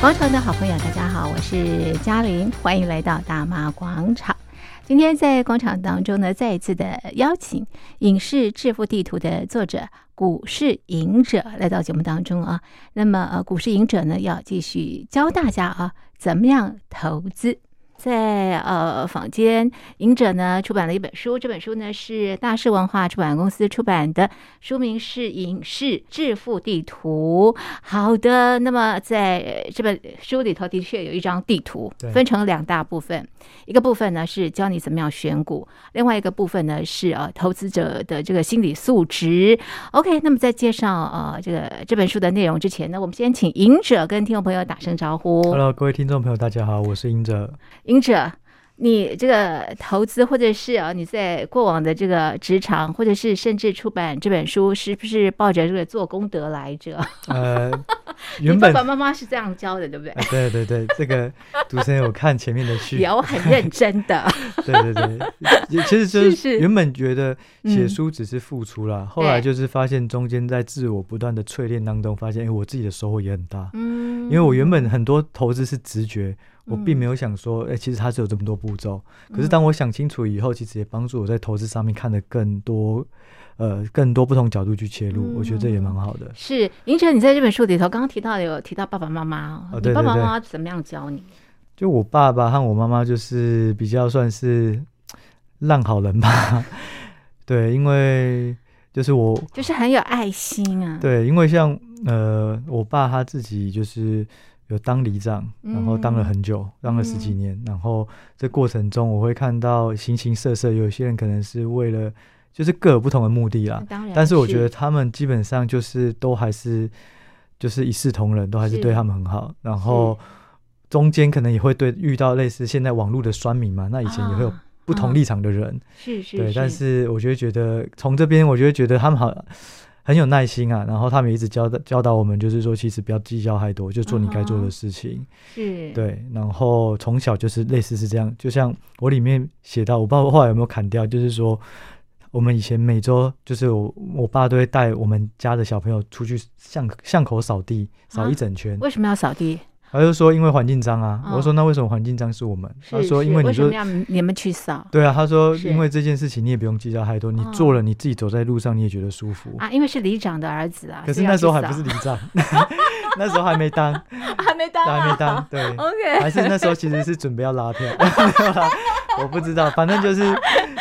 廣場的好朋友，大家好，我是嘉玲，歡迎來到大媽廣場。今天在廣場當中呢，再一次的邀請《隱士致富地圖》的作者股市隱者來到節目當中啊。那麼，啊、股市隱者呢，要繼續教大家啊，怎麼樣投資。在呃坊間，隱者呢出版了一本書，這本書呢是大是文化出版公司出版的，書名是《隱士致富地圖》。好的，那麼在這本書裡頭，的確有一張地圖，分成兩大部分，一個部分呢是教你怎麼樣選股，另外一個部分呢是、啊、投資者的這個心理素質。OK，那麼在介紹呃這個這本書的內容之前呢，我們先請隱者跟聽眾朋友打聲招呼。Hello，各位聽眾朋友，大家好，我是隱者。隱者，你這個投資，或者是啊，你在過往的這個職場，或者是甚至出版這本書，是不是抱着這個做功德來着？呃，原本 爸爸媽媽是這樣教的，對不對？呃、對對對， 這個讀者有看前面的書，有 很認真的。 對對對，其實就是原本覺得寫書只是付出啦，是是嗯、後來就是發現中間在自我不斷的淬煉當中、嗯，發現哎，我自己的收穫也很大。嗯，因為我原本很多投資是直覺。我並沒有想說，哎、嗯、欸，其實他是有這麼多步驟，嗯。可是當我想清楚以後，其實也幫助我在投資上面看得更多，呃，更多不同角度去切入。嗯，我覺得這也蠻好的。是，銀晨，你在這本書裡頭剛剛提到有提到爸爸媽媽，哦，對，對，對你爸爸媽媽怎麼樣教你？就我爸爸和我媽媽就是比較算是爛好人吧。 對，因為就是我就是很有愛心啊。對，因為像呃，我爸他自己就是。有當里長，然後當了很久，嗯、當了十幾年，嗯。然後這過程中，我會看到形形色色，有些人可能是為了，就是各有不同的目的啦。當然，但是我覺得他們基本上就是都還是，是就是一視同仁，都還是對他們很好。然後中間可能也會對遇到類似現在網絡的酸民嘛，那以前也會有不同立場的人，啊啊、是是。對，是是，但是我就會覺得從這邊，我就會覺得他們好，很有耐心啊，然後他們一直教導教導我們，就是說其實不要計較太多，就是，做你該做的事情，嗯。是，對，然後從小就是類似是這樣，就像我裡面寫到，我不知道後來有沒有砍掉，就是說我們以前每周就是我我爸都會帶我們家的小朋友出去巷巷口掃地，掃一整圈，啊。為什麼要掃地？他就說因為環境髒啊，嗯、我就說那為什麼環境髒是我們？嗯、他說因為你說你，你們去掃。對啊，他說因為這件事情你也不用計較太多，你做了你自己走在路上你也覺得舒服、嗯、啊。因為是里長的兒子啊，可是那時候還不是里長， 那時候還沒當，啊、還沒當、啊，還沒當。對，OK，還是那時候其實是準備要拉票， 啊、我不知道，反正就是。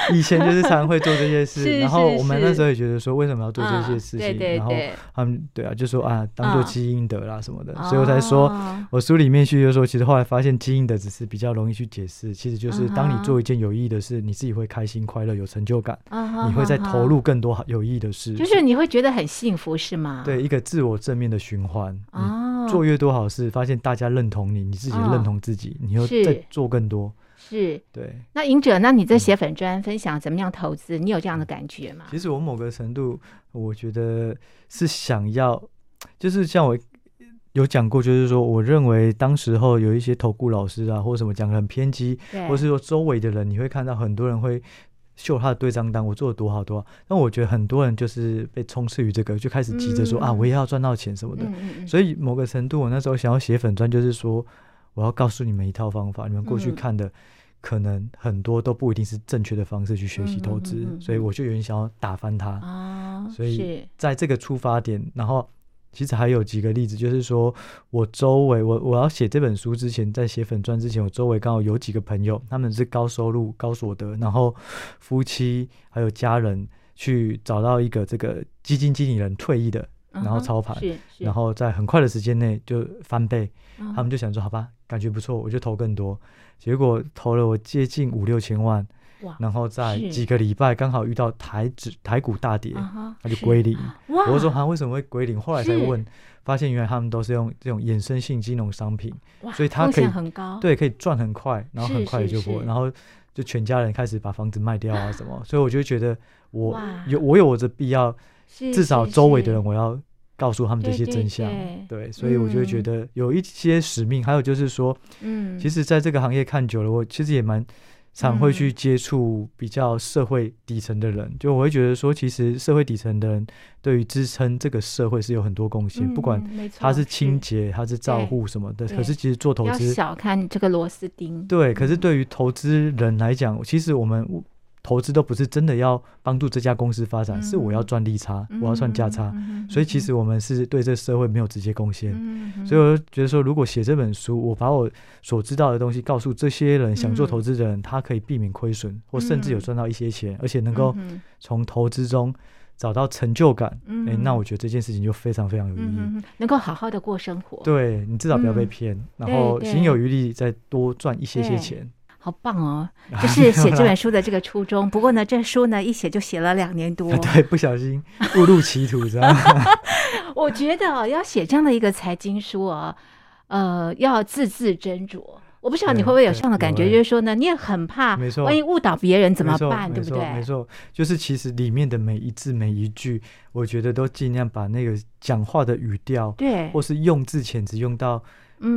以前就是常會做這些事 是是是，然後我們那時候也覺得說，為什麼要做這些事情？啊、對對對，然後，他們，對啊，就說啊，當做積陰德啦什麼的。啊、所以我才說、啊、我書裡面去就說，其實後來發現，積陰德只是比較容易去解釋。其實就是當你做一件有意義的事，啊、你自己會開心、快樂、有成就感、啊哈哈，你會再投入更多有意義的事。就是你會覺得很幸福，是嗎？對，一個自我正面的循環。哦、啊。你做越多好事，發現大家認同你，你自己認同自己，啊、你又再做更多。啊是對，那隱者，那你在寫粉專分享怎麼樣投資、嗯？你有這樣的感覺嗎？其實我某個程度，我覺得是想要，就是像我有講過，就是說，我認為當時候有一些投顧老師啊，或什麼講的很偏激，或是說周圍的人，你會看到很多人會秀他的對賬單，我做的多好多好。那我覺得很多人就是被充斥於這個，就開始急着說、嗯、啊，我也要賺到錢什麼的嗯嗯嗯。所以某個程度，我那時候想要寫粉專，就是說。我要告訴你們一套方法，你們過去看的可能很多都不一定是正確的方式去學習投資，嗯嗯嗯嗯，所以我就有點想要打翻它。啊，所以在這個出發點，然後其實還有幾個例子，就是說我周圍，我我要寫這本書之前，在寫粉專之前，我周圍剛好有幾個朋友，他們是高收入、高所得，然後夫妻還有家人去找到一個這個基金經理人退役的。然後操盤，uh -huh，然後在很快的時間內就翻倍，uh -huh. 他們就想說好吧，感覺不錯，我就投更多。結果投了我接近五六千萬，然後在幾個禮拜剛好遇到台指台股大跌，它、uh -huh, 就歸零。我說他為什麼會歸零？後來才問，發現原來他們都是用這種衍生性金融商品，所以它可以對可以賺很快，然後很快也就破。然後就全家人開始把房子賣掉啊什麼，啊、所以我就覺得我有我有我的必要。至少周圍的人，我要告訴他們這些真相。對，對對對，所以我就會覺得有一些使命、嗯。還有就是說，嗯，其實在這個行業看久了，我其實也蠻常會去接觸比較社會底層的人、嗯。就我會覺得說，其實社會底層的人對於支撐這個社會是有很多貢獻、嗯，不管他是清潔、嗯，他是照護什麼的。可是其實做投資，小看這個螺絲釘。對，可是對於投資人來講、嗯，其實我們。投資都不是真的要幫助這家公司發展，嗯、是我要賺利差，嗯、我要賺價差、嗯，所以其實我們是對這社會沒有直接貢獻、嗯。所以我就覺得說，如果寫這本書，我把我所知道的東西告訴這些人，想做投資人、嗯，他可以避免虧損，或甚至有賺到一些錢，嗯、而且能夠從投資中找到成就感。誒、嗯欸，那我覺得這件事情就非常非常有意義，嗯、能夠好好的過生活。對，你至少不要被騙、嗯，然後行有餘力再多賺一些些錢。好棒哦！就是寫這本書的這個初衷、啊。不過呢，這書呢一寫就寫了兩年多、哦啊，對，不小心誤入歧途，這 樣是嗎 我覺得、哦、要寫這樣的一個財經書哦，呃，要字字斟酌。我不知道你會不會有這樣的感覺，就是說呢，你也很怕，沒錯，萬一誤導別人怎麼辦？對不對？沒錯，就是其實裡面的每一字每一句，我覺得都盡量把那個講話的語調，對，或是用字遣詞用到。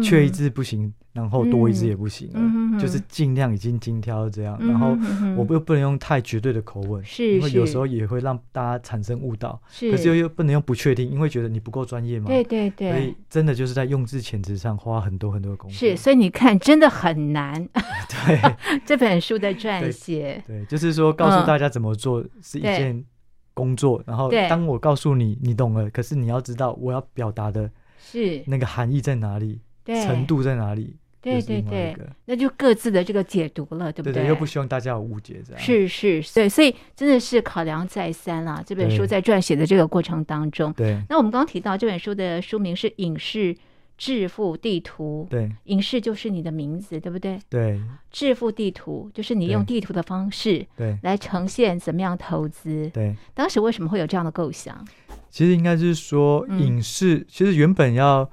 缺一字不行、嗯，然後多一字也不行、嗯嗯嗯，就是盡量已經精挑這樣、嗯嗯。然後我又不能用太絕對的口吻，是因為有時候也會讓大家產生誤導是。可是又又不能用不確定，因為覺得你不夠專業嘛。對對對，所以真的就是在用字遣詞上花很多很多功夫。是，所以你看，真的很難。 對， 這本書的撰寫，對，就是說告訴大家怎麼做、嗯、是一件工作。然後當我告訴你，你懂了，可是你要知道我要表達的是那個含義在哪裡。程度在哪裡？對對對，那就各自的這個解讀了，對不對？對，對，對又不希望大家有誤解在是是，對，所以真的是考量再三啊。這本書在撰寫的這個過程當中，對。那我們剛剛提到這本書的書名是《隱士致富地圖》，對，隱士就是你的名字，對不對？對，致富地圖就是你用地圖的方式，對，來呈現怎麼樣投資對。對，當時為什麼會有這樣的構想？其實應該是說，隱士、嗯、其實原本要。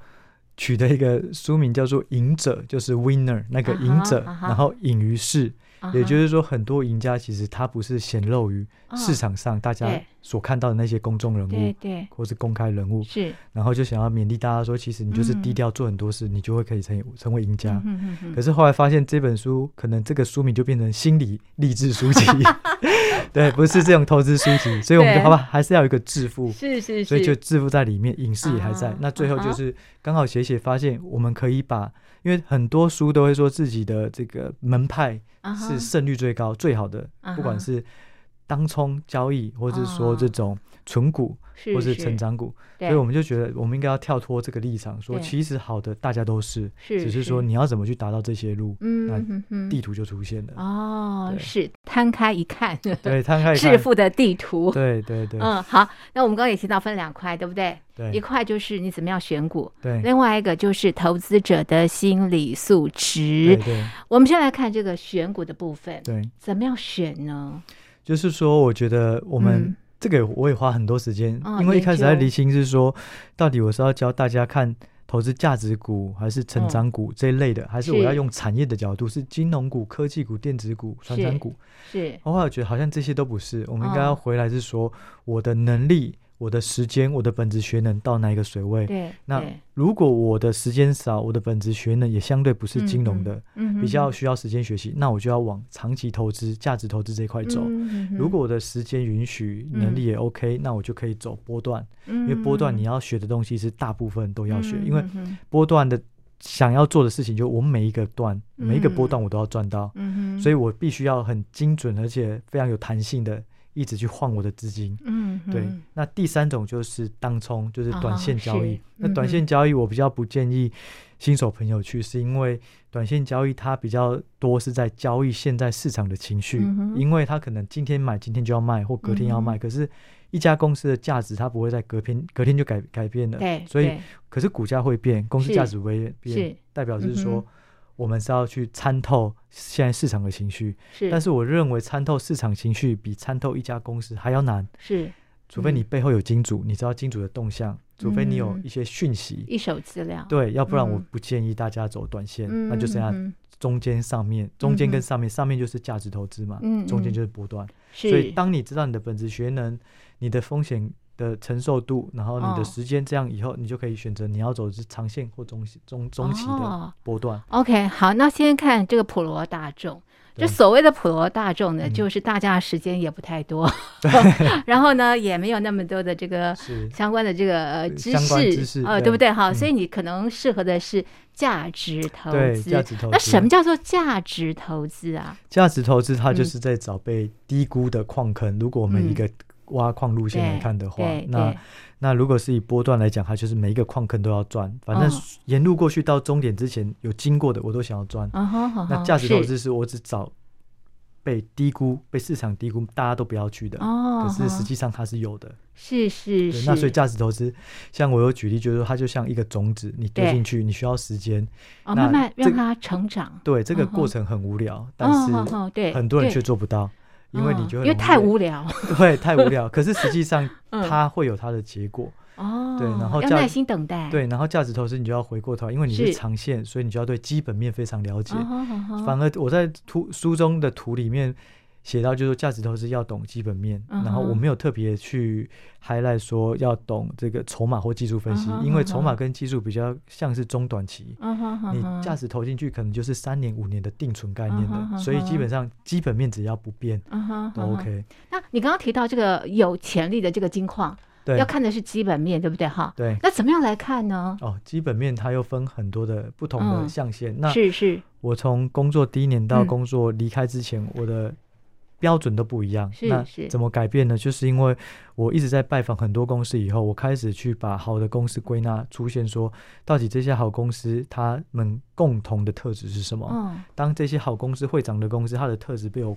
取的一個書名叫做《贏者》，就是 winner 那個贏者，uh -huh, uh -huh. 然後隱於市，uh -huh. 也就是說，很多贏家其實他不是顯露於市場上，uh -huh. 大家。所看到的那些公眾人物，對，對或是公開人物，是，然後就想要勉勵大家說，其實你就是低調做很多事，嗯、你就會可以成成為贏家、嗯嗯嗯嗯。可是後來發現這本書，可能這個書名就變成心理勵志書籍， 對，不是這種投資書籍， 所以我們就好吧，還是要有一個致富，是，是是，所以就致富在裡面，影視也還在。嗯、那最後就是剛好寫寫，發現我們可以把、嗯，因為很多書都會說自己的這個門派是勝率最高、嗯、最好的，嗯、不管是。當沖交易，或者是說這種存股、哦，或是成長股是是，所以我們就覺得我們應該要跳脫這個立場，說其實好的大家都是，只是說你要怎麼去達到這些路是是，那地圖就出現了。哦，是攤開一看，對，攤開一看致富的地圖。對對對。嗯，好，那我們剛剛也提到分兩塊，對不對？對。一塊就是你怎麼樣選股，對另外一個就是投資者的心理素質。對,對,對。我們先來看這個選股的部分，對，怎麼樣選呢？就是說，我覺得我們、嗯、這個我也花很多時間、嗯，因為一開始在釐清是說，到底我是要教大家看投資價值股還是成長股這一類的，嗯、還是我要用產業的角度是，是金融股、科技股、電子股、傳產股。是，是我後來覺得好像這些都不是，我們應該要回來是說我的能力。嗯我的時間、我的本職學能到哪一個水位？對，那如果我的時間少，我的本職學能也相對不是金融的，嗯、比較需要時間學習、嗯，那我就要往長期投資、價值投資這一塊走、嗯。如果我的時間允許、嗯，能力也 OK，、嗯、那我就可以走波段、嗯。因為波段你要學的東西是大部分都要學，嗯、因為波段的想要做的事情，就我每一個段、嗯、每一個波段我都要賺到，嗯，所以我必須要很精準，而且非常有彈性的。一直去換我的資金，嗯，對。那第三種就是當沖，就是短線交易、哦嗯。那短線交易我比較不建議新手朋友去，是因為短線交易它比較多是在交易現在市場的情緒、嗯，因為它可能今天買今天就要賣，或隔天要賣。嗯、可是一家公司的價值它不會在隔天隔天就改改變了。對。所以可是股價會變，公司價值會變，代表就是說。是嗯我們是要去參透現在市場的情緒是，但是我認為參透市場情緒比參透一家公司還要難。是、嗯，除非你背後有金主，你知道金主的動向，除非你有一些訊息、嗯、一手資料，對、嗯，要不然我不建議大家走短線，嗯、那就剩下中間、上面、嗯、中間跟上面、嗯，上面就是價值投資嘛，嗯、中間就是波段。嗯、所以，當你知道你的本職學能、你的風險，的承受度，然後你的時間這樣以後，哦、你就可以選擇你要走是長線或中中中期的波段、哦。OK，好，那先看這個普羅大眾，就所謂的普羅大眾呢，嗯、就是大家的時間也不太多，對，然後呢也沒有那麼多的這個相關的這個、呃、知識，呃、哦，對不對哈、嗯？好，所以你可能適合的是價值投資。投資，那什麼叫做價值投資啊、嗯？價值投資它就是在找被低估的礦坑。嗯、如果我們一個挖礦路線來看的話，那那如果是以波段來講，它就是每一個礦坑都要轉，反正沿路過去到終點之前有經過的，我都想要轉、哦、那價值投資是我只找被低估、被市場低估、大家都不要去的。哦、可是實際上它是有的。哦、是是是。那所以價值投資，像我有舉例，就是說它就像一個種子，你丟進去對，你需要時間、哦、慢慢讓它成長。對，這個過程很無聊，哦、但是很多人卻做不到。因為你就會因為太無聊， 對，太無聊。可是實際上，它會有它的結果哦。 嗯、對，然後要耐心等待。對，然後價值投資，你就要回過頭，因為你是長線是，所以你就要對基本面非常了解。Oh, oh, oh, oh. 反而我在圖書中的圖裡面。寫到就是價值投資要懂基本面，uh -huh, 然後我沒有特別去 highlight 說要懂這個籌碼或技術分析，uh -huh, uh -huh. 因為籌碼跟技術比較像是中短期，uh -huh, uh -huh. 你價值投進去可能就是三年五年的定存概念的，uh -huh, uh -huh. 所以基本上基本面只要不變都、uh -huh, uh -huh. OK。那你剛剛提到這個有潛力的這個金礦，要看的是基本面對不對哈？對。那怎麼樣來看呢？哦，基本面它又分很多的不同的象限。嗯、那，是是。我從工作第一年到工作離開之前，嗯、我的標準都不一樣，是是，那怎麼改變呢？就是因為我一直在拜訪很多公司，以後我開始去把好的公司歸納，出現說，到底這些好公司他們共同的特質是什麼？當這些好公司會長的公司，他的特質被我。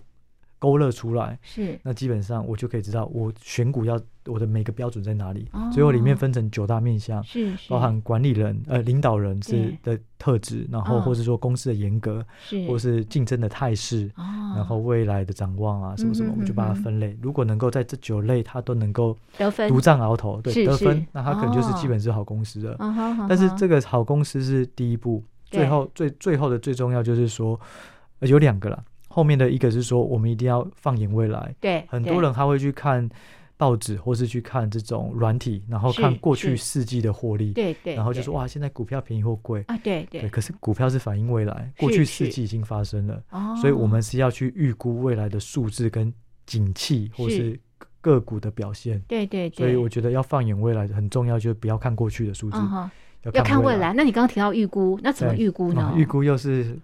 勾勒出來是，那基本上我就可以知道我選股要我的每個標準在哪裡。最、哦、後裡面分成九大面向，是，是，包含管理人呃領導人是的特質，然後或是說公司的嚴格是，或是競爭的態勢、哦，然後未來的展望啊什麼什麼，嗯哼嗯哼我們就把它分類。如果能夠在這九類它都能夠獨占鰲頭，對是是得分，那它可能就是基本是好公司的、哦。但是這個好公司是第一步，哦、最後最最後的最重要就是說，有兩個了。後面的一個是說，我們一定要放眼未來。對，對很多人他會去看報紙，或是去看這種軟體，然後看過去四季的獲利。對對。然後就說哇，現在股票便宜或貴啊？對對，對。可是股票是反映未來，過去四季已經發生了，所以我們是要去預估未來的數字跟景氣或是個股的表現。對對，對。所以我覺得要放眼未來很重要，就是不要看過去的數字，嗯，要，要看未來。那你剛剛提到預估，那怎麼預估呢？預估又是？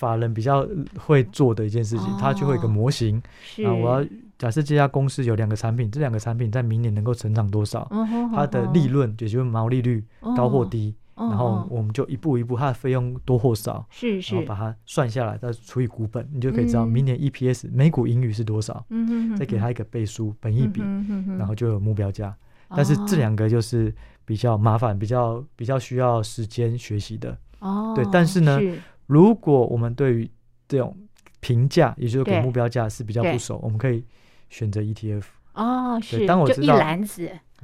法人比較會做的一件事情，它就會有一個模型。啊、oh，我要假設這家公司有兩個產品，這兩個產品在明年能夠成長多少？Oh, 它的利潤、oh, oh. 也就是毛利率高或低，oh, oh. 然後我們就一步一步，它的費用多或少，是是，然後把它算下來，再除以股本，你就可以知道明年 EPS 每股盈餘是多少、嗯。再給他一個倍數、本益比、嗯，然後就有目標價。Oh, 但是這兩個就是比較麻煩，比較比較需要時間學習的。Oh, 對，但是呢。是如果我們對於這種評價，也就是給目標價是比較不熟，我們可以選擇 ETF。哦，是。對，當我知道就一籃子。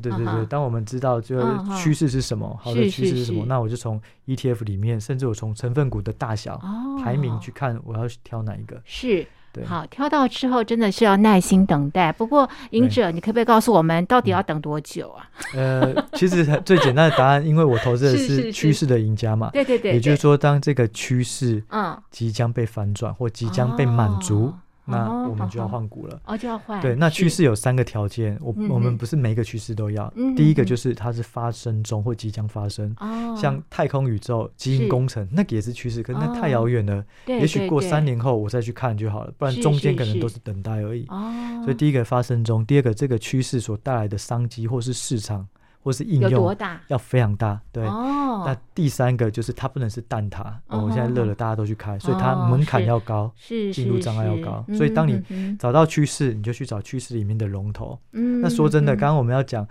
對對對、嗯，當我們知道就趨勢是什麼，嗯、好的趨勢是什麼，是是是，那我就從 ETF 裡面，甚至我從成分股的大小、哦、排名去看，我要挑哪一個。是。好，挑到之後真的是要耐心等待。不過，隱者，你可不可以告訴我們，到底要等多久啊？ 嗯、呃，其實最簡單的答案，因為我投資的是趨勢的贏家嘛，是是是對，對，對對對，也就是說，當這個趨勢嗯即將被反轉、嗯、或即將被滿足。哦那我們就要換股了， 哦，就要換。對，那趨勢有三個條件，我、嗯、我們不是每個趨勢都要、嗯。第一個就是它是發生中或即將發生嗯嗯嗯，像太空宇宙、基因工程那個也是趨勢，可是那太遙遠了，哦、對對對，也許過三年後我再去看就好了，不然中間可能都是等待而已是是是是。所以第一個發生中，第二個這個趨勢所帶來的商機或是市場。或是應用要非常大，大對、哦。那第三個就是它不能是蛋撻。我、哦哦、現在熱了，大家都去開，哦、所以它門檻要高，進入障礙要高是是是。所以當你找到趨勢、嗯，你就去找趨勢裡面的龍頭、嗯。那說真的，剛、嗯、剛我們要講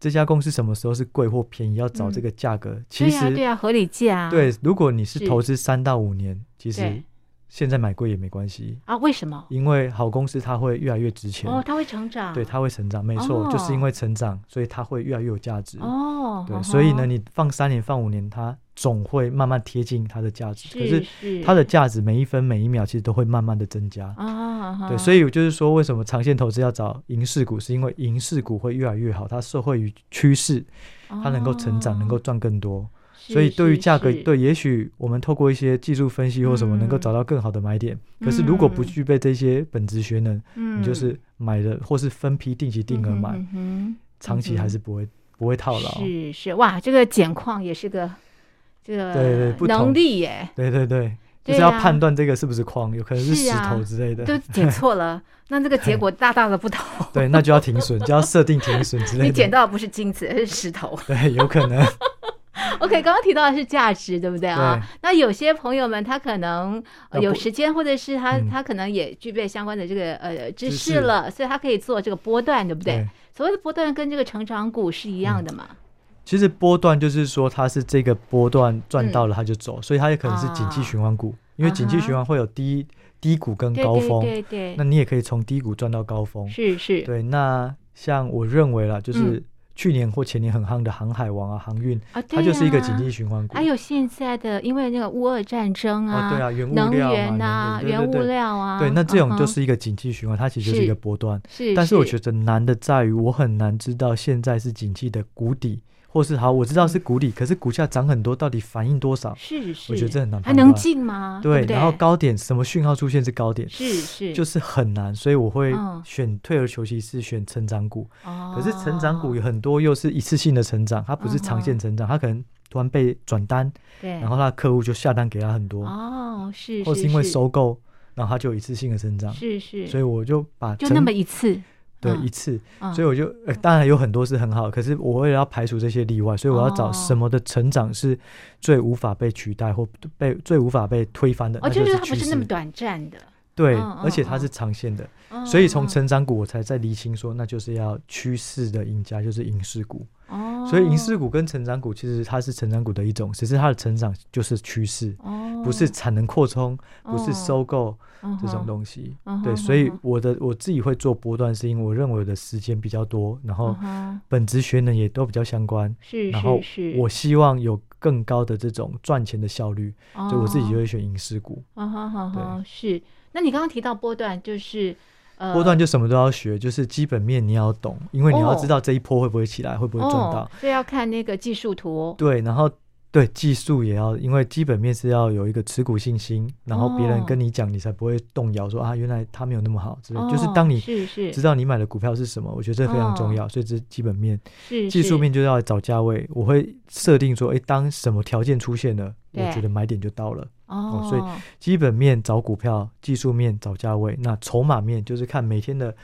這家公司什麼時候是貴或便宜、嗯，要找這個價格。其實對啊，啊、合理價、啊。對，如果你是投資三到五年，其實。現在買貴也沒關係啊？為什麼？因為好公司它會越來越值錢哦，它會成長，對，它會成長，沒錯，oh. 就是因為成長，所以它會越來越有價值哦。Oh. 對，oh. 所以呢，你放三年、放五年，它總會慢慢貼近它的價值。是是。可是，它的價值每一分每一秒其實都會慢慢的增加、oh. 對，所以就是說，為什麼長線投資要找隱士股？是因為隱士股會越來越好，它受惠於趨勢，它能夠成長，oh. 能夠賺更多。所以，對於價格，對，也許我們透過一些技術分析或什麼，能夠找到更好的買點。嗯、可是，如果不具備這些本質學能、嗯，你就是買的，或是分批、定期定、定額買，長期還是不會不會套牢。是是，哇，這個撿礦也是個這個對能力耶。對對對，就是要判斷這個是不是礦，有可能是石頭之類的，都撿錯了， 那這個結果大大的不同。 對，那就要停損，就要設定停損之類的。你撿到的不是金子，而是石頭，對，有可能。 OK，剛剛提到的是價值，對不對，對啊？那有些朋友們他可能、呃、有時間，或者是他、嗯、他可能也具備相關的這個呃知識了知識，所以他可以做這個波段，對不對，對？所謂的波段跟這個成長股是一樣的嘛？嗯、其實波段就是說它是這個波段賺到了他就走，嗯、所以它也可能是景氣循環股，哦、因為景氣循環會有低、嗯、低谷跟高峰，對對，對，對對。那你也可以從低谷賺到高峰，是是。對，那像我認為了就是、嗯。去年或前年很夯的航海王啊，航運啊，啊，它就是一個景氣循環股。還、啊、有現在的，因為那個烏俄戰爭啊，啊對啊，原物料嘛、能源、啊對對對，原物料啊，對，那這種就是一個景氣循環、嗯，它其實就是一個波段。是，是但是我覺得難的在於，我很難知道現在是景氣的谷底，或是好，我知道是谷底，嗯、可是股價漲很多，到底反應多少？是是，我覺得這很難，還能進嗎？對，嗯、對對然後高點什麼訊號出現是高點？是是，就是很難，所以我會選、嗯、退而求其次，選成長股。哦，可是成長股有很。多又是一次性的成長，它不是長線成長，uh-huh. 它可能突然被轉單，對，然後他的客戶就下單給他很多哦，oh, 是，是，是，或是因為收購，是是然後他就一次性的成長，是是，所以我就把就那麼一次，對，嗯、一次、嗯，所以我就、呃、當然有很多是很好，可是我也要排除這些例外，所以我要找什麼的成長是最無法被取代、oh. 或被最無法被推翻的、oh,，哦，就是它不是那麼短暫的。對、嗯，而且它是長線的，嗯，所以從成長股我才在理清說，那就是要趨勢的贏家，就是影視股。Oh, 所以，隱士股跟成長股其實它是成長股的一種，只是它的成長就是趨勢，oh, 不是產能擴充，不是收購這種東西。Oh, uh -huh, uh -huh, 對，所以我的我自己會做波段，是因為我認為我的時間比較多，然後本職學能也都比較相關。是是是。然後我希望有更高的這種賺錢的效率，所以，uh-huh, 我自己就會選隱士股。好好好，是。那你剛剛提到波段，就是。波段就什麼都要學，就是基本面你要懂，因為你要知道這一波會不會起來，哦、會不會撞到，這、哦、要看那個技術圖。對，然後。對技術也要，因為基本面是要有一個持股信心，然後別人跟你講，你才不會動搖。說、哦、啊，原來它沒有那麼好，之類、哦、就是當你知道你買的股票是什麼，哦、我覺得這非常重要。所以這基本面，哦、技術面就要找價位是是。我會設定說，哎、欸，當什麼條件出現了，我覺得買點就到了。哦，嗯、所以基本面找股票，技術面找價位，那籌碼面就是看每天的。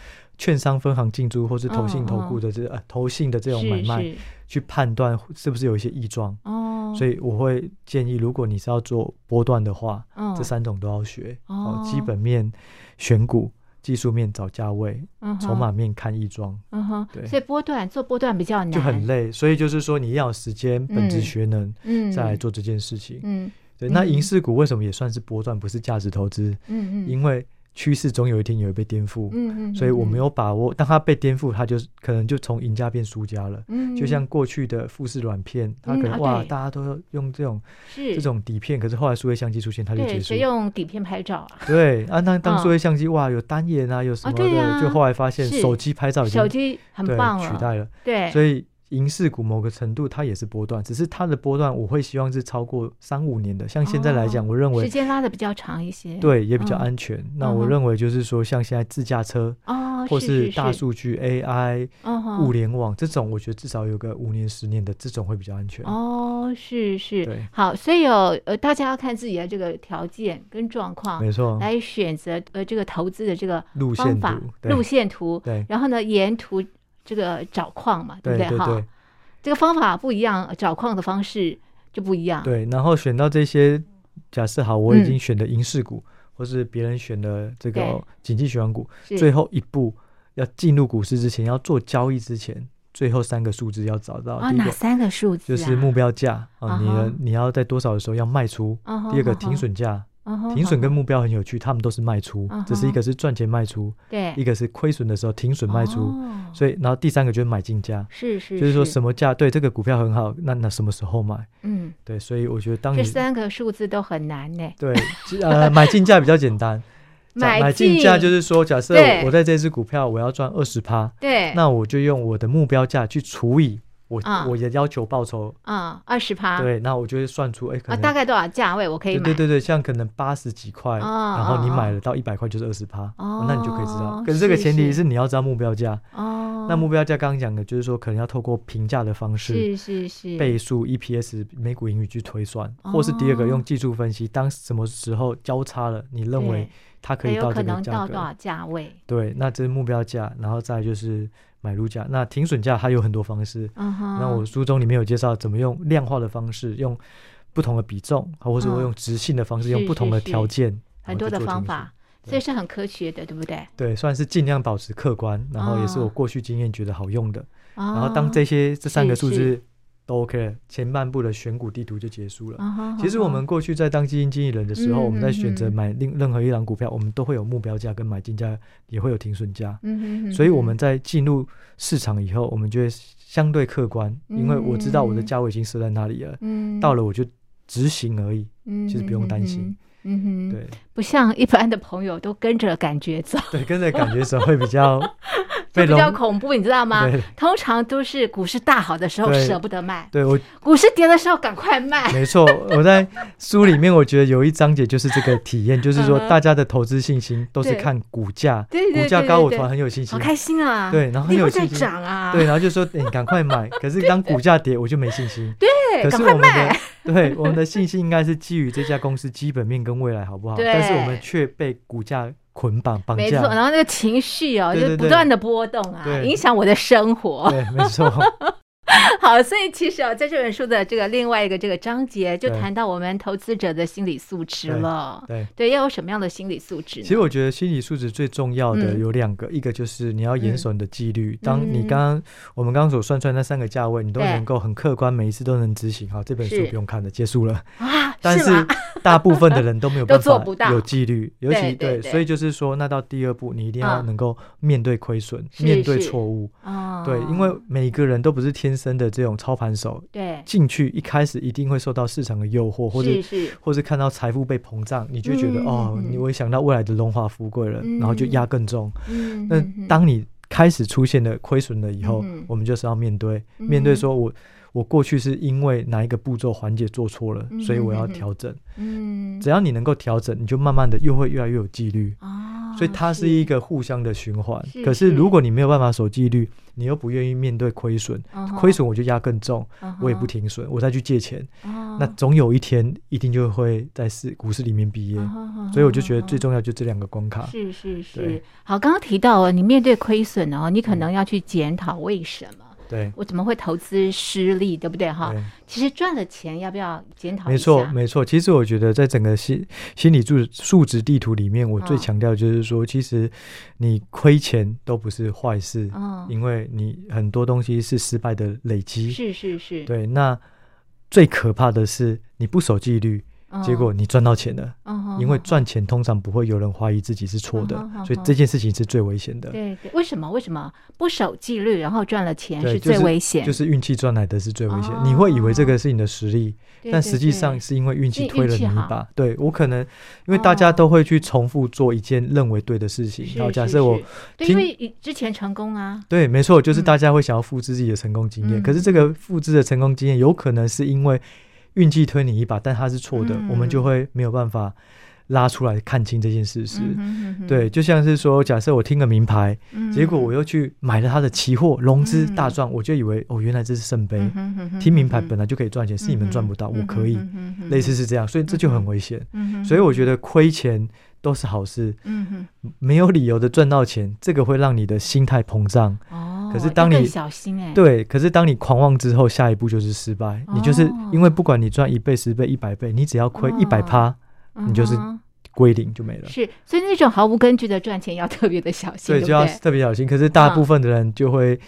券商分行進駐，或是投信投顧的這呃、個哦啊、投信的這種買賣，是是去判斷是不是有一些異狀哦。所以我會建議，如果你是要做波段的話，哦、這三種都要學哦，哦：基本面、選股、技術面找價位、籌、哦、碼面看異狀。嗯、哦、哼，對。所以波段做波段比較難，就很累。所以就是說，你要有時間、本質學能、嗯，再來做這件事情。嗯，對。嗯、對那隱士股為什麼也算是波段，不是價值投資？嗯嗯，因為。趨勢總有一天也會被顛覆，嗯嗯，所以我沒有把握。當它被顛覆，它就可能就從贏家變輸家了。嗯，就像過去的富士軟片，他可能、嗯啊、哇，大家都用這種這種底片，可是後來數位相機出現，它就結束。對，只用底片拍照啊。對，啊，當當數位相機、嗯，哇，有單眼啊，有什麼的，啊啊、就後來發現手機拍照已經手機很棒了，對，取代了。對，所以。隱士股某個程度，它也是波段，只是它的波段我會希望是超過三五年的。像現在來講，我認為、哦、時間拉得比較長一些，對，也比較安全。嗯、那我認為就是說，像現在自駕車，哦、或是大數據 AI，是是是、AI、物聯網、哦、這種，我覺得至少有個五年、十年的這種會比較安全。哦，是是，是是好，所以有呃，大家要看自己的這個條件跟狀況，沒錯，來選擇呃這個投資的這個方法路線圖，路線圖，然後呢，沿途。這個找礦嘛，對對對，對不對哈？這個方法不一樣，找礦的方式就不一樣。對，然後選到這些，假設好，我已經選的隱士股、嗯，或是別人選的這個景氣選股，最後一步要進入股市之前，要做交易之前，最後三個數字要找到、哦、哪三個數字、啊？就是目標價啊，你要啊你要在多少的時候要賣出？啊、第二個停損價。啊啊啊停損跟目標很有趣，uh -huh. 他們都是賣出，uh -huh. 只是一個是賺錢賣出，對、uh -huh.，一個是虧損的時候停損賣出，uh -huh. 所以然後第三個就是買進價，是是，就是說什麼價對這個股票很好，那那什麼時候買？嗯、uh -huh.，對，所以我覺得當這三個數字都很難呢。對，呃，買進價比較簡單， 買進價就是說，假設我在這支股票我要賺二十趴，對，那我就用我的目標價去除以。我、嗯、我也要求報酬啊，二十趴。對，那我就會算出哎，大概多少價位我可以對對對，像可能八十幾塊、哦，然後你買了到一百塊就是二十趴，那你就可以知道。可是這個前提是你要知道目標價哦。那目標價剛剛講的就是說，可能要透過評價的方式，是是是，倍數 EPS 每股盈餘去推算，或是第二個用技術分析，當什麼時候交叉了，你認為它可以到這能到多少價位？對，那這是目標價，然後再就是。買入價，那停損價它有很多方式。嗯、uh -huh. 那我書中裡面有介紹，怎麼用量化的方式，用不同的比重，uh -huh. 或者我用質性的方式，uh -huh. 用不同的條件，是是是，很多的方法，所以是很科學的，對不對？對，算是盡量保持客觀，uh -huh. 然後也是我過去經驗覺得好用的。Uh -huh. 然後當這些這三個數字。Uh -huh. 是是都 OK，前半部的選股地圖就結束了。啊、其實我們過去在當基金經理人的時候，嗯、我們在選擇買另任何一檔股票，嗯嗯，我們都會有目標價跟買進價，也會有停損價，嗯嗯嗯。所以我們在進入市場以後，我們就會相對客觀，因為我知道我的價位已經設在哪裡了。嗯、到了我就執行而已，其、嗯、實，就是，不用擔心，嗯嗯嗯嗯嗯。對。不像一般的朋友都跟着感覺走，對，跟着感覺走會比較 比較恐怖，你知道嗎對對對？通常都是股市大好的時候捨不得賣，對，對我股市跌的時候趕快賣，沒錯。我在書裡面我覺得有一章節就是這個體驗， 就是說大家的投資信心都是看股價 對對對對對，股價高我團很有信心、啊對對對對對，好開心啊！對，然後很有信漲啊？對，然後就說你趕、欸、快買，可是當股價跌我就沒信心，對，對，對，趕快賣。對我們的信心應該是基於這家公司基本面跟未來好不好？對。但是我們卻被股價捆綁綁架了，沒錯。然後那個情緒哦、喔，就不斷的波動啊，對對對，影響我的生活。對，對，沒錯。 好，所以其實啊、哦，在這本書的這個另外一個這個章節，就談到我們投資者的心理素質了。對對、對，要有什麼樣的心理素質？其實我覺得心理素質最重要的有兩個，嗯、一個就是你要嚴守你的紀律，嗯。當你剛剛、嗯、我們剛剛所算出來那三個價位、嗯，你都能夠很客觀，每一次都能執行。好，這本書不用看了，結束了，啊。但是大部分的人都沒有辦法有紀律， 尤其對、對、對，所以就是說，那到第二步，你一定要能夠面對虧損，啊，面對錯誤。啊，對、哦，因為每一個人都不是天生。生的，這種操盤手對進去一開始一定會受到市場的誘惑，是是，或者或是看到財富被膨脹，你就覺得、嗯、哦、嗯，你會想到未來的榮華富貴了、嗯，然後就壓更重、嗯嗯嗯。那當你開始出現了虧損了以後、嗯，我們就是要面對、嗯、面對，說我我過去是因為哪一個步驟環節做錯了、嗯，所以我要調整、嗯嗯。只要你能夠調整，你就慢慢的又會越來越有紀律、哦、所以它是一個互相的循環。可是如果你沒有辦法守紀律，你又不願意面對虧損，uh-huh. 虧損我就壓更重，uh -huh. 我也不停損，uh -huh. 我再去借錢，uh -huh. 那總有一天一定就會在市股市裡面畢業。Uh -huh. 所以我就覺得最重要就是這兩個關卡，uh-huh. 是是是，好，剛剛提到你面對虧損哦，你可能要去檢討為什麼。對，我怎麼會投資失利？對不對？哈，其實賺了錢要不要檢討一下？沒錯，沒錯。其實我覺得，在整個隱隱士致致富地圖裡面，我最強調就是說、哦，其實你虧錢都不是壞事、哦，因為你很多東西是失敗的累積。是是是。對，那最可怕的是你不守紀律。結果你賺到錢了，哦、因為賺錢通常不會有人懷疑自己是錯的、哦哦哦，所以這件事情是最危險的對。對，為什麼？為什麼不守紀律，然後賺了錢是最危險？就是運氣賺來的是最危險、哦。你會以為這個是你的實力，哦、但實際上是因為運氣推了你一把。對，對，對，對我可能，因為大家都會去重複做一件認為對的事情。哦、然後假設我，是是是因為之前成功啊，對，沒錯，就是大家會想要複製自己的成功經驗、嗯。可是這個複製的成功經驗，有可能是因為。運氣推你一把，但它是錯的、嗯，我們就會沒有辦法拉出來看清這件事實、嗯嗯。對，就像是說，假設我聽個名牌、嗯，結果我又去買了他的期貨、融資大賺，我就以為哦，原來這是聖杯，嗯哼嗯哼嗯哼。聽名牌本來就可以賺錢，嗯哼嗯哼，是你們賺不到，我可以，嗯哼嗯哼嗯哼。類似是這樣，所以這就很危險、嗯嗯。所以我覺得虧錢都是好事，沒有理由的賺到錢，這個會讓你的心態膨脹。哦可是當你對，可是當你狂妄之後，下一步就是失敗。你就是因為不管你賺一倍、十倍、一百倍，你只要虧一百趴，你就是歸零就沒了。是，所以那種毫無根據的賺錢要特別的小心，對，就要特別小心。可是大部分的人就會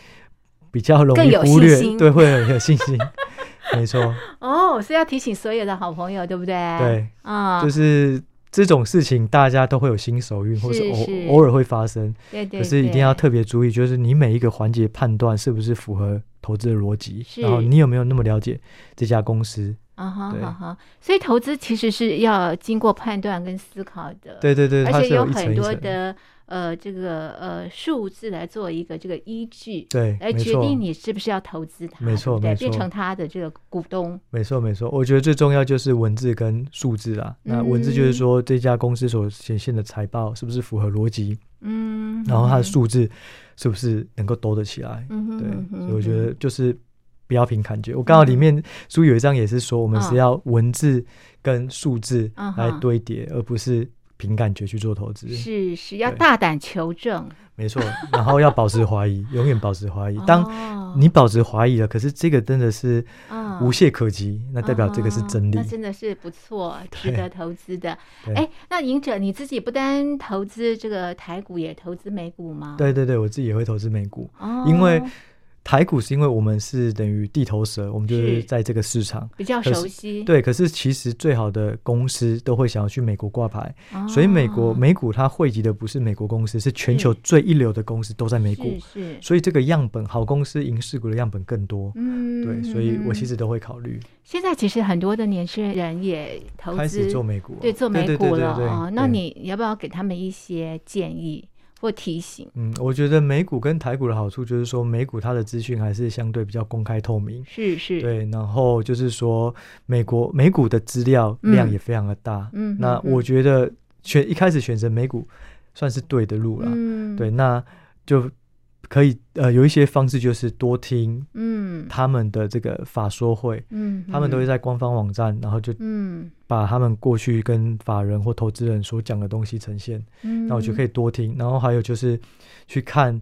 比較容易忽略，對，會很有信心， 沒錯。哦，是要提醒所有的好朋友，對不對？對，啊，就是。這種事情大家都會有新手運，或者是偶是是偶爾會發生。對對對。可是一定要特別注意，就是你每一個環節判斷是不是符合投資的邏輯，然後你有沒有那麼了解這家公司？啊哈對，好好好。所以投資其實是要經過判斷跟思考的。對對對。它是有一層一層的，而且有很多的。呃，這個呃數字來做一個這個依據，對，來決定你是不是要投資它，沒錯，改變成他的這個股東，沒錯沒錯。我覺得最重要就是文字跟數字啊、嗯，那文字就是說這家公司所顯現的財報是不是符合邏輯，嗯，然後它的數字是不是能夠兜得起來，嗯對嗯，所以我覺得就是不要憑感覺。嗯、我剛好裡面書有一章也是說，我們是要文字跟數字來堆疊、哦，而不是。憑感覺去做投資是、是，要大膽求證，沒錯，然後要保持懷疑， 永遠保持懷疑。當你保持懷疑了，可是這個真的是無懈可擊，嗯，那代表這個是真理，嗯、那真的是不錯，值得投資的。哎、欸，那隱者你自己不單投資這個台股，也投資美股嗎？對對對，我自己也會投資美股，因為。台股是因為我們是等於地頭蛇，我們就是在這個市場比較熟悉。對，可是其實最好的公司都會想要去美國掛牌。哦，所以美國美股它匯集的不是美國公司，是全球最一流的公司都在美股。是，是，所以這個樣本好公司、盈勢股的樣本更多。嗯，對，所以我其實都會考慮。現在其實很多的年輕人也投資做美股，對，做美股了啊。那你要不要給他們一些建議？不提醒，嗯，我覺得美股跟台股的好處就是說，美股它的資訊還是相對比較公開透明，是是，對，然後就是說，美國美股的資料量也非常的大，嗯，那我覺得選一開始選擇美股算是對的路了，嗯，對，那就。可以，呃，有一些方式就是多聽，嗯，他們的這個法說會，嗯，他們都會在官方網站，嗯、然後就，把他們過去跟法人或投資人所講的東西呈現，嗯，那我就可以多聽，然後還有就是去看，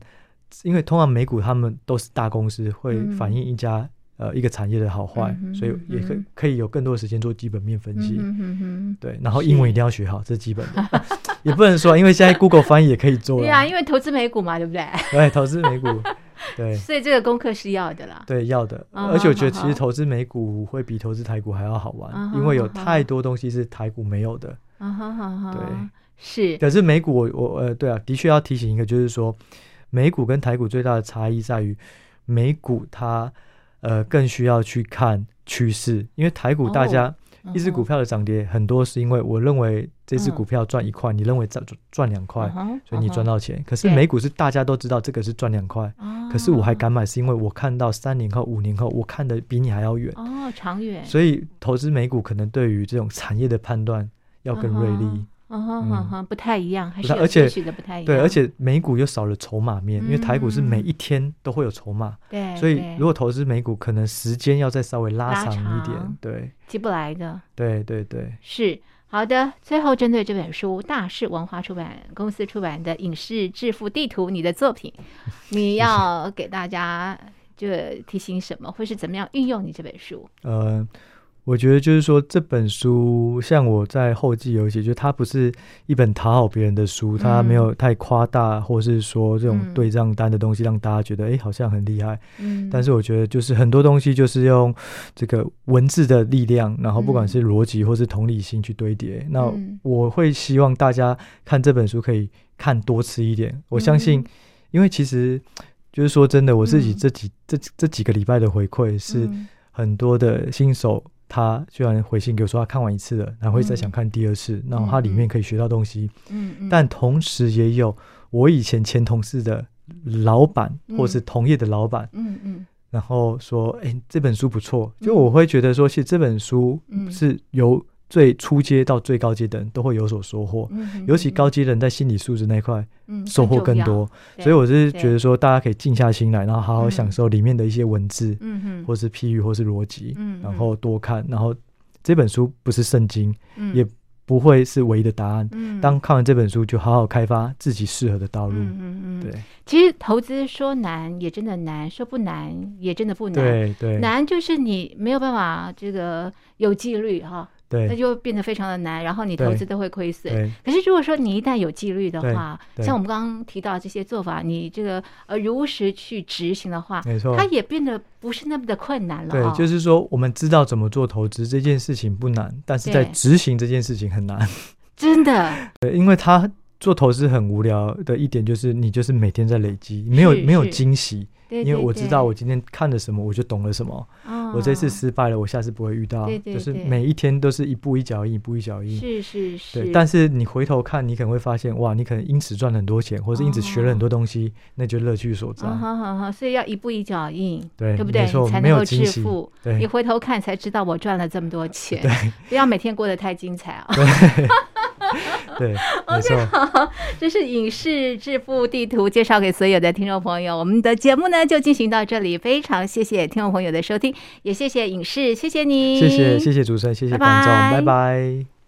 因為通常美股他們都是大公司，嗯、會反映一家呃一個產業的好壞，嗯嗯，所以也可可以有更多的時間做基本面分析，嗯嗯嗯嗯嗯，對，然後英文一定要學好，是這是基本的。 也不能說，因為現在 Google 翻譯也可以做。 對呀，啊，因為投資美股嘛，對不對？ 對，投資美股，對。 所以這個功課是要的啦。對，要的。Uh-huh, 而且我覺得，其實投資美股會比投資台股還要好玩，uh-huh, 因為有太多東西是台股沒有的。Uh-huh, uh-huh. 對，是。可是美股，我我呃，對啊，的確要提醒一個，就是說，美股跟台股最大的差異在於，美股它呃更需要去看趨勢，因為台股大家，oh. 一隻股票的漲跌，uh -huh. 很多是因為我認為這隻股票賺一塊，uh -huh. 你認為賺賺，賺兩塊，uh -huh. Uh -huh. 所以你賺到錢。可是美股是大家都知道這個是賺兩塊，yeah. 可是我還敢買，是因為我看到三年後、五年後，我看得比你還要遠哦，長遠。所以投資美股可能對於這種產業的判斷要更銳利。Uh -huh. Oh, oh, oh, 嗯哼哼哼，不太一樣，還是的不太一樣。對，而且美股又少了籌碼面、嗯，因為台股是每一天都會有籌碼，對、嗯，所以如果投資美股、嗯，可能時間要再稍微拉長一點，對，急不來的。對對對，對，是好的。最後，針對這本書，大是文化出版公司出版的《隱士致富地圖》，你的作品，你要給大家就提醒什麼， 或是怎麼樣運用你這本書？嗯、呃。我覺得就是說，這本書像我在後記有寫，就是它不是一本討好別人的書、嗯，它沒有太誇大，或是說這種對賬單的東西，讓大家覺得哎、嗯欸、好像很厲害、嗯。但是我覺得就是很多東西就是用這個文字的力量，嗯、然後不管是邏輯或是同理心去堆疊、嗯。那我會希望大家看這本書可以看多次一點、嗯。我相信，因為其實就是說真的，我自己這幾、嗯、這這幾個禮拜的回饋是很多的新手。他居然回信給我說，他看完一次了，然後會再想看第二次。然後他裡面可以學到東西，嗯，但同時也有我以前前同事的老闆，或是同業的老闆，嗯嗯，然後說，哎，這本書不錯。就我會覺得說，其實這本書是由。最初階到最高階的人都會有所收穫，嗯、尤其高階的人在心理素質那塊，收穫更多、嗯更。所以我是覺得說，大家可以靜下心來，然後好好享受裡面的一些文字，嗯哼或是批語或是邏輯，嗯，然後多看、嗯。然後這本書不是聖經、嗯，也不會是唯一的答案，嗯，當看完這本書，就好好開發自己適合的道路，嗯嗯。對，其實投資說難也真的難，說不難也真的不難，對對，難就是你沒有辦法這個有紀律哈。它就變得非常的難，然後你投資都會虧損。可是如果說你一旦有紀律的話，像我們剛剛提到這些做法，你這個呃如實去執行的話，沒錯，它也變得不是那麼的困難了哦。對，就是說我們知道怎麼做投資這件事情不難，但是在執行這件事情很難。對 真的對，因為他做投資很無聊的一點就是，你就是每天在累積，沒有是是沒有驚喜對對對對。因為我知道我今天看了什麼，我就懂了什麼。嗯我這次失敗了，我下次不會遇到。對對，對，就是每一天都是一步一腳印，一步一腳印。是是是。對，但是你回頭看，你可能會發現，哇，你可能因此賺了很多錢，或是因此學了很多東西，哦、那就樂趣所在。好好好，所以要一步一腳印，對，對不對？沒錯，才能夠致富，致富對，對，你回頭看才知道我賺了這麼多錢。對，不要每天過得太精彩啊、哦。 對 對，OK，好，這是隱士致富地圖，介紹給所有的聽眾朋友。 我們的節目呢就進行到這裡，非常謝謝聽眾朋友的收聽，也謝謝隱士，謝謝你，謝謝謝謝，拜拜。謝謝主持人，謝謝觀眾，拜拜。拜拜。